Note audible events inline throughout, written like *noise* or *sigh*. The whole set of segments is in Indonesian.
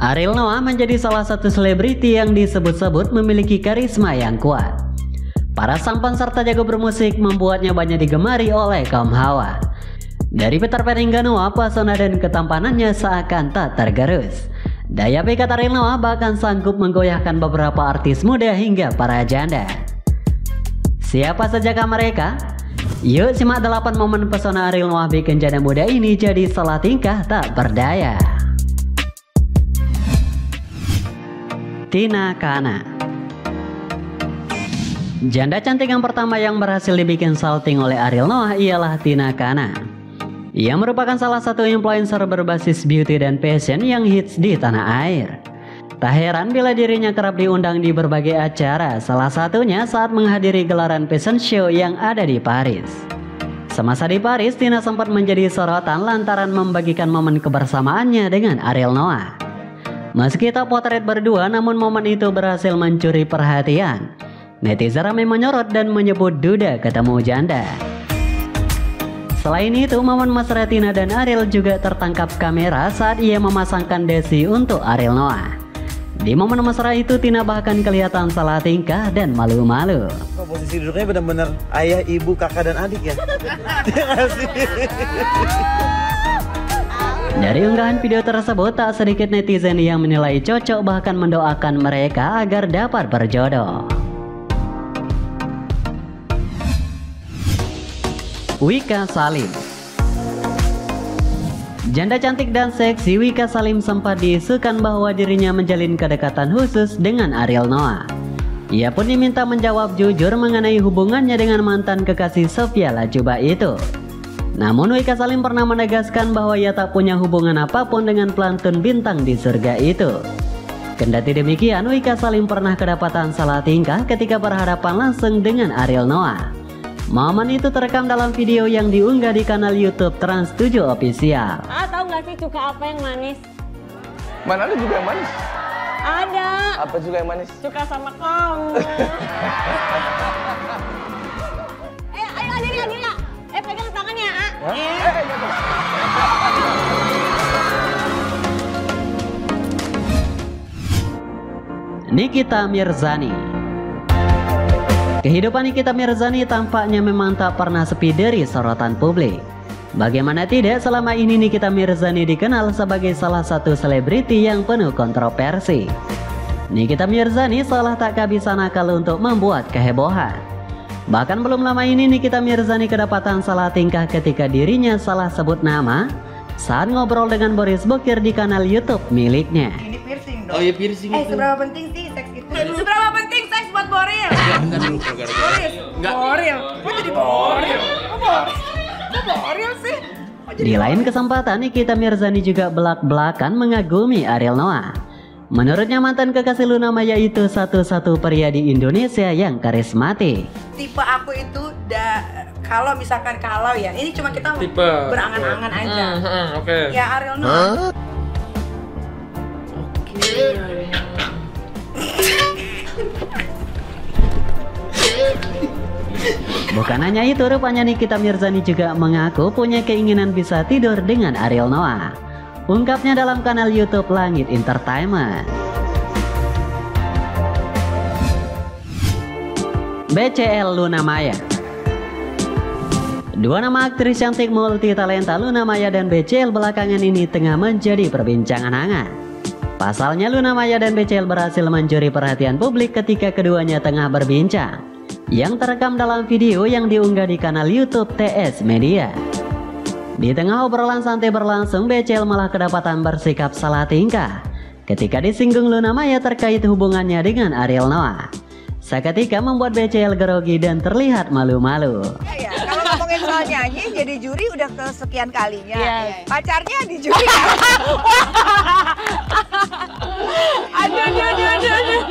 Ariel Noah menjadi salah satu selebriti yang disebut-sebut memiliki karisma yang kuat. Para sampan serta jago bermusik membuatnya banyak digemari oleh kaum hawa. Dari Peter Pan hingga Noah, pesona dan ketampanannya seakan tak tergerus. Daya pikat Ariel Noah bahkan sanggup menggoyahkan beberapa artis muda hingga para janda. Siapa saja kah mereka? Yuk simak 8 momen pesona Ariel Noah bikin janda muda ini jadi salah tingkah tak berdaya. Tina Kana Janda cantik yang pertama yang berhasil dibikin salting oleh Ariel Noah ialah Tina Kana. Ia merupakan salah satu influencer berbasis beauty dan fashion yang hits di tanah air. Tak heran bila dirinya kerap diundang di berbagai acara, salah satunya saat menghadiri gelaran fashion show yang ada di Paris. Semasa di Paris, Tina sempat menjadi sorotan lantaran membagikan momen kebersamaannya dengan Ariel Noah. Meski tak potret berdua, namun momen itu berhasil mencuri perhatian. Netizen ramai menyorot dan menyebut Duda ketemu janda. Selain itu, momen Mas Retina dan Ariel juga tertangkap kamera saat ia memasangkan desi untuk Ariel Noah. Di momen mesra itu Tina bahkan kelihatan salah tingkah dan malu-malu. posisi duduknya benar-benar ayah, ibu, kakak dan adik ya. Iya Dari unggahan video tersebut tak sedikit netizen yang menilai cocok bahkan mendoakan mereka agar dapat berjodoh. Wika Salim. Janda cantik dan seksi Wika Salim sempat diisukan bahwa dirinya menjalin kedekatan khusus dengan Ariel Noah. Ia pun diminta menjawab jujur mengenai hubungannya dengan mantan kekasih Sofia Lajuba itu. Namun Wika Salim pernah menegaskan bahwa ia tak punya hubungan apapun dengan pelantun bintang di surga itu. Kendati demikian, Wika Salim pernah kedapatan salah tingkah ketika berhadapan langsung dengan Ariel Noah. Momen itu terekam dalam video yang diunggah di kanal YouTube Trans7 Official. Ah, tahu nggak sih cuka apa yang manis? Mana ada juga yang manis? Ada. Apa juga yang manis? Cuka sama kamu. *laughs* eh, ayo Adira, Adira. Eh, pegang tangannya, ah. Hah? eh, eh, eh, eh, eh. Nikita Mirzani Kehidupan Nikita Mirzani tampaknya memang tak pernah sepi dari sorotan publik. Bagaimana tidak selama ini Nikita Mirzani dikenal sebagai salah satu selebriti yang penuh kontroversi. Nikita Mirzani seolah tak kehabisan akal untuk membuat kehebohan. Bahkan belum lama ini Nikita Mirzani kedapatan salah tingkah ketika dirinya salah sebut nama saat ngobrol dengan Boris Bokir di kanal YouTube miliknya. Ini piercing dong. Oh ya piercing Eh seberapa penting sih seks itu? Seberapa Boril. Bentar dulu, Boris. Enggak. Boril. Kok jadi Boril? Kok Boril? sih? Di lain kesempatan, Nikita Mirzani juga belak-belakan mengagumi Ariel Noah. Menurutnya mantan kekasih Luna Maya itu satu-satu pria di Indonesia yang karismatik. Tipe aku itu da kalau misalkan kalau ya, ini cuma kita Tipe. berangan-angan aja. Uh, uh, Oke. Okay. Ya Ariel Noah. Huh? Oke. Okay. Iya, iya. Bukan hanya itu, rupanya Nikita Mirzani juga mengaku punya keinginan bisa tidur dengan Ariel Noah. Ungkapnya dalam kanal YouTube Langit Entertainment. BCL Luna Maya Dua nama aktris cantik multi multi-talenta Luna Maya dan BCL belakangan ini tengah menjadi perbincangan hangat. Pasalnya Luna Maya dan BCL berhasil mencuri perhatian publik ketika keduanya tengah berbincang yang terekam dalam video yang diunggah di kanal YouTube TS Media. Di tengah obrolan santai berlangsung, Becel malah kedapatan bersikap salah tingkah ketika disinggung Luna Maya terkait hubungannya dengan Ariel Noah. Seketika membuat BCL gerogi dan terlihat malu-malu. Iya, iya. Kalau ngomongin soal nyanyi, jadi juri udah kesekian kalinya. yeah. Iya. Pacarnya di juri ya? *laughs* aduh, aduh, aduh, aduh, aduh.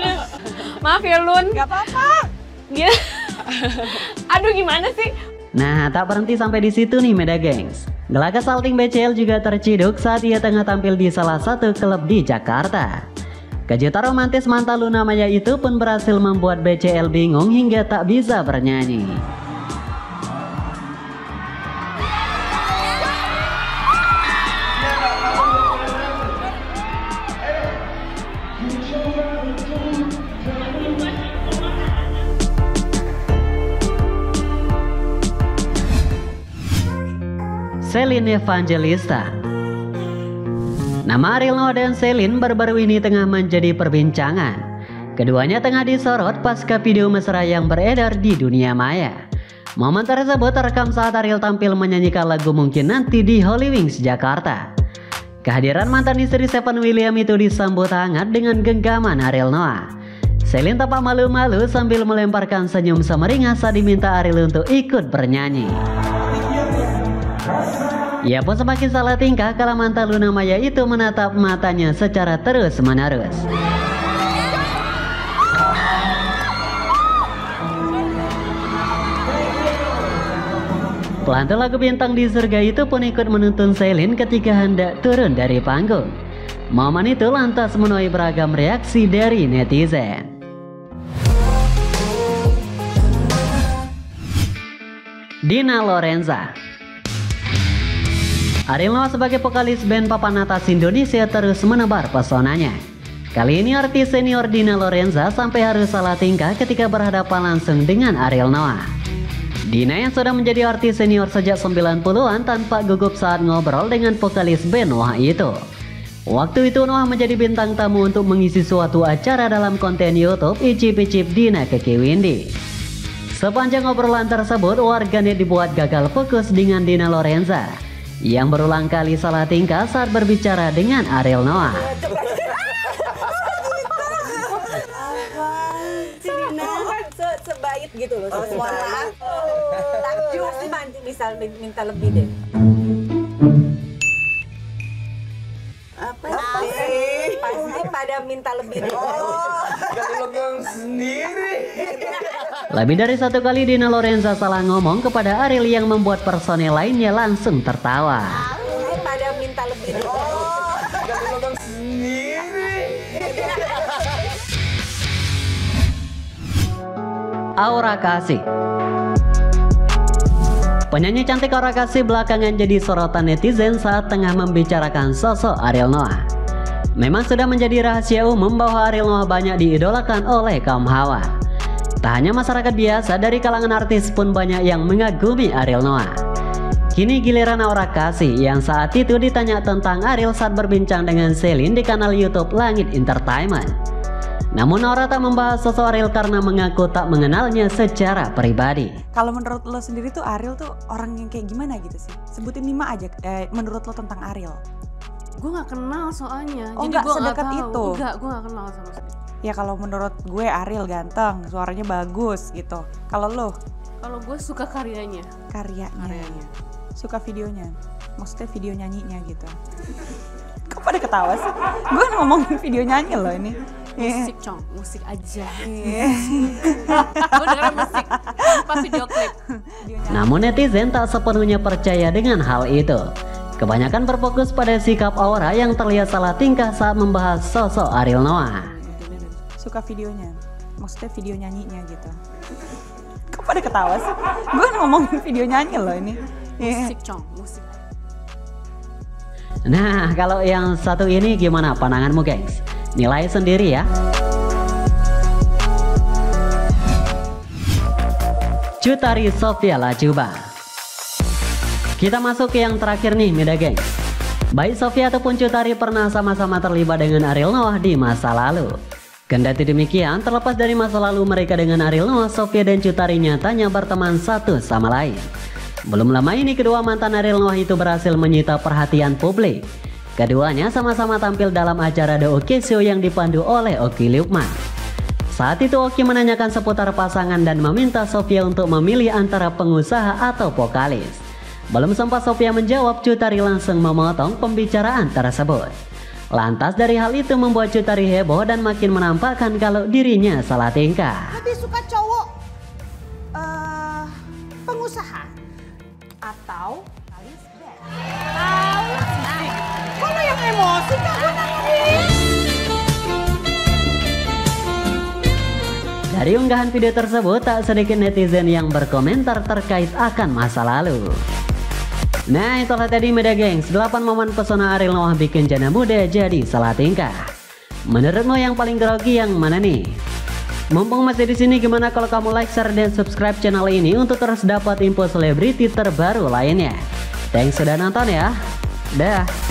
Maaf ya Lun. Gak apa-apa. *laughs* Aduh gimana sih? Nah, tak berhenti sampai di situ nih Meda Gengs. Gelaga Salting BCL juga terciduk saat ia tengah tampil di salah satu klub di Jakarta. Kejutan romantis mantan Luna Maya itu pun berhasil membuat BCL bingung hingga tak bisa bernyanyi. Celine Evangelista. Nama Ariel Noah dan Celine baru-baru ini tengah menjadi perbincangan. Keduanya tengah disorot pasca video mesra yang beredar di dunia maya. Momen tersebut terekam saat Ariel tampil menyanyikan lagu Mungkin Nanti di Holy Wings, Jakarta. Kehadiran mantan istri Stephen William itu disambut hangat dengan genggaman Ariel Noah. Celine tampak malu-malu sambil melemparkan senyum semeringah saat diminta Ariel untuk ikut bernyanyi. Ia ya pun semakin salah tingkah kalau mantan Luna Maya itu menatap matanya secara terus menerus. Pelantun lagu bintang di surga itu pun ikut menuntun Selin ketika hendak turun dari panggung. Momen itu lantas menuai beragam reaksi dari netizen. Dina Lorenza Ariel Noah sebagai vokalis band papan atas Indonesia terus menebar pesonanya. Kali ini artis senior Dina Lorenza sampai harus salah tingkah ketika berhadapan langsung dengan Ariel Noah. Dina yang sudah menjadi artis senior sejak 90-an tanpa gugup saat ngobrol dengan vokalis Ben Noah itu. Waktu itu Noah menjadi bintang tamu untuk mengisi suatu acara dalam konten YouTube Icip-Icip Dina Keki Windy. Sepanjang obrolan tersebut, warganet dibuat gagal fokus dengan Dina Lorenza yang berulang kali salah tingkah saat berbicara dengan Ariel Noah. gitu loh, oh, oh, minta lebih deh. apa sih? Pasti pada minta lebih oh. dulu. Oh, sendiri. Lebih dari satu kali Dina Lorenza salah ngomong kepada Ariel yang membuat personel lainnya langsung tertawa. Pasti pada minta lebih dulu. sendiri. Aura Kasih Penyanyi cantik Ora Kasih belakangan jadi sorotan netizen saat tengah membicarakan sosok Ariel Noah. Memang sudah menjadi rahasia umum bahwa Ariel Noah banyak diidolakan oleh kaum hawa. Tak hanya masyarakat biasa, dari kalangan artis pun banyak yang mengagumi Ariel Noah. Kini giliran Aura Kasih yang saat itu ditanya tentang Ariel saat berbincang dengan Celine di kanal YouTube Langit Entertainment. Namun Nora tak membahas sosok Ariel karena mengaku tak mengenalnya secara pribadi. Kalau menurut lo sendiri tuh Ariel tuh orang yang kayak gimana gitu sih? Sebutin lima aja eh, menurut lo tentang Ariel. Gue gak kenal soalnya. Oh Jadi gak gua sedekat gak itu? Enggak, gue gak kenal sama sekali. Ya kalau menurut gue Ariel ganteng, suaranya bagus gitu. Kalau lo? Kalau gue suka karyanya. Karyanya. karyanya. Suka videonya. Maksudnya video nyanyinya gitu. *laughs* Kok pada ketawa sih? Gue ngomongin video nyanyi loh ini musik yeah. cong musik aja yeah. *laughs* gue dengerin musik tanpa video klip namun netizen tak sepenuhnya percaya dengan hal itu kebanyakan berfokus pada sikap Aura yang terlihat salah tingkah saat membahas sosok Ariel Noah suka videonya maksudnya video nyanyinya gitu kok pada ketawa sih gue ngomongin video nyanyi loh ini iya. musik cong musik Nah, kalau yang satu ini gimana pandanganmu, gengs? Nilai sendiri ya. Jutari Sofia Lajuba. Kita masuk ke yang terakhir nih, Mida Geng. Baik Sofia ataupun Jutari pernah sama-sama terlibat dengan Ariel Noah di masa lalu. Kendati demikian, terlepas dari masa lalu mereka dengan Ariel Noah, Sofia dan Jutari nyatanya berteman satu sama lain. Belum lama ini kedua mantan Ariel Noah itu berhasil menyita perhatian publik. Keduanya sama-sama tampil dalam acara The Oki Show yang dipandu oleh Oki Lukman. Saat itu Oki menanyakan seputar pasangan dan meminta Sofia untuk memilih antara pengusaha atau vokalis. Belum sempat Sofia menjawab, Cutari langsung memotong pembicaraan tersebut. Lantas dari hal itu membuat Cutari heboh dan makin menampakkan kalau dirinya salah tingkah. Lebih suka cowok uh, pengusaha atau vokalis dari unggahan video tersebut, tak sedikit netizen yang berkomentar terkait akan masa lalu. Nah itulah tadi Meda Gengs, 8 momen pesona Ariel Noah bikin jana muda jadi salah tingkah. Menurutmu yang paling grogi yang mana nih? Mumpung masih di sini, gimana kalau kamu like, share, dan subscribe channel ini untuk terus dapat info selebriti terbaru lainnya. Thanks sudah nonton ya. Dah.